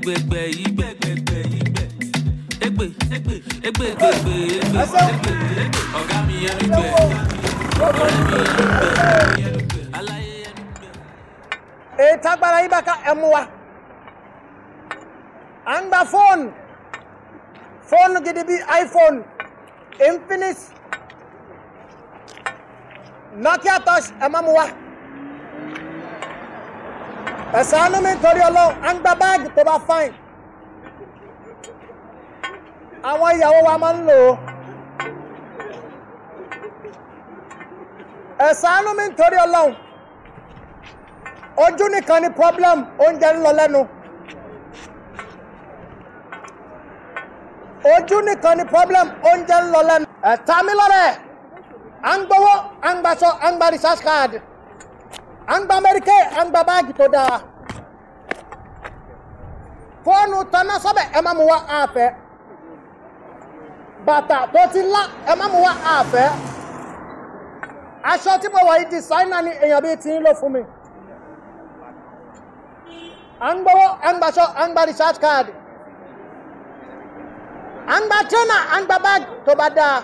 egbègbè igbe egbègbè igbe egbe egbe egbe egbe egbe egbe ọ̀gá mi ẹnu gbẹ ọ̀rẹ́ mi ẹnu gbẹ aláyé ẹnu gbẹ. ètò agbára yìí bá ká ẹ mú wa à ń gba fóònù fóònù gidi bíi iphone infinix nokia touch ẹ má mú wa ẹ̀sánú mi torí ọlọ́run à ń gba báàgì tó bá fáìn àwọn ìyàwó wa máa ń lò ó ẹ̀sánú mi torí ọlọ́run ojú nìkan ni problem oúnjẹ ń lọ lẹ́nu ojú nìkan ni problem oúnjẹ ń lọ lẹ́nu ẹ̀ta mi lọ́rẹ̀ à ń gbowó à ń gbaṣọ à ń gba research card. angba ń gba mẹ́ríkẹ́ à ń gba báàgì tó dáa fóònù tanná sọ́bẹ̀ ẹ má mú wá àfẹ́ bàtà tó ti lá ẹ má mú wá àfẹ́ aṣọ tí mo wà yìí dìsáínà ni èèyàn bíi ti ń lò fún mi à ń gbowó à ń gbaṣọ à ń gba recharge card à ń gba trainer à ń gba báàgì tó bá dáa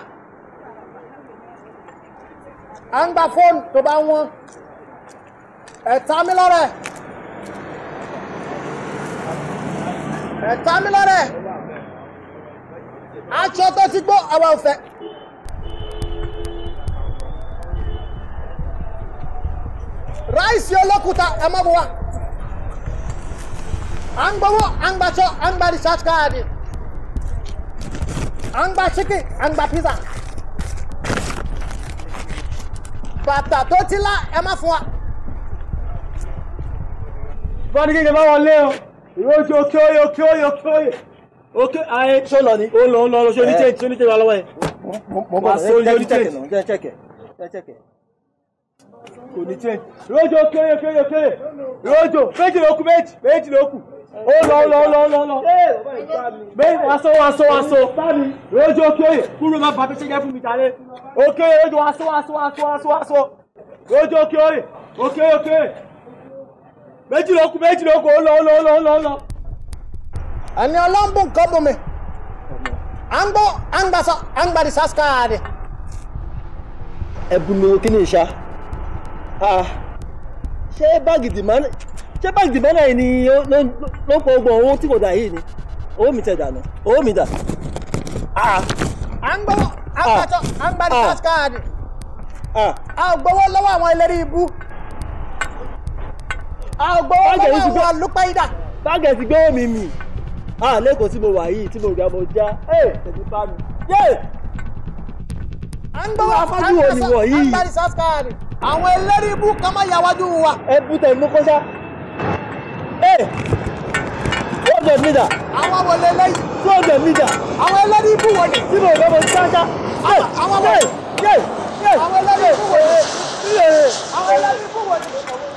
à ń gba fóònù tó bá wọ́n. ẹ ta mí lọ́rẹ̀ ẹ ta mí lọ́rẹ̀ aṣọ tó ti gbó àwa ò fẹ́. ráìsì olókùúta ẹ má bu wa à ń gbowó à ń gbaṣọ à ń gba research card à ń gba chicken pizza bàtà tó ti lá wọ́n ní kékeré bá wọlé o ìwé òkè òyè òkè òyè òkè òyè òkè ayé ṣó lọ ni ó lọ ó lọ ṣó eh. ní change ṣó ní change wà lọ́wọ́ ẹ̀ wà só ní ó ní change kò ní change ìwé òjò òkè òyè òkè òyè òkè òyè ìwé òjò méjì ló kù méjì méjì ló kù ó lọ lọ lọ lọ lọ méjì wàásù wàásù wàásù ìwé òjò òkè òyè kúrò má bàbá ṣẹ́jẹ́ fún mi tàlẹ́ òkè òjò wàásù wàásù wàásù wàásù ìwé òjò òkè òyè òkè òkè méjì ló kù méjì ló kù ó lọ ó lọ ó lọ ó lọ ó lọ. àní ọlọ́mbùn kan bomi à ń gbọ́ à ń gbàsọ à ń gbàdí sásíkà rẹ̀. ẹ bu mi kí ni ìṣá ṣé báàgì dìmọ́nà ṣé báàgì dìmọ́nà yìí ni ló ń pọ̀ ogun owó tí kò dà yìí ni owó mi tẹ̀ dànù owó mi dà. à ń gbọ́ à ń gbàdí sásíkà rẹ̀ a ò gbowó lọ́wọ́ àwọn ẹlẹ́rìí ibú àgbọ̀ ọlọ́wọ́ wa ló pẹ́ yídà. báńkì ti gbé mi mì á lẹ́kọ̀ọ́ tí mo wà yìí tí mo gbà mo já ẹ̀ tẹ̀sí bá mi. à ń gbọ́wọ́ afọ́jú wo ni wọ̀ yìí. àgbàdì sàskàrì àwọn ẹlẹ́rìí bú ká má ya wájú wa. ẹ bú tẹ̀ mú kọ́sá. two hundred meter. àwọn wọlé lẹ́yìn. two hundred meter. àwọn ẹlẹ́rìí bú wọlé. tí mo gbà mo já já. àwọn wọlé. àwọn ẹlẹ́rìí bú wọlé. àwọn ẹlẹ́rìí bú wọlé.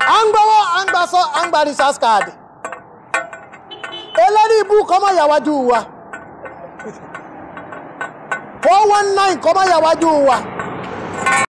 à ń gbọ́wọ́ à ń gbasọ́ à ń gba research card eléri ibú kọ́mọ́ wa four one nine kọ́mọ́ yàwájú wa.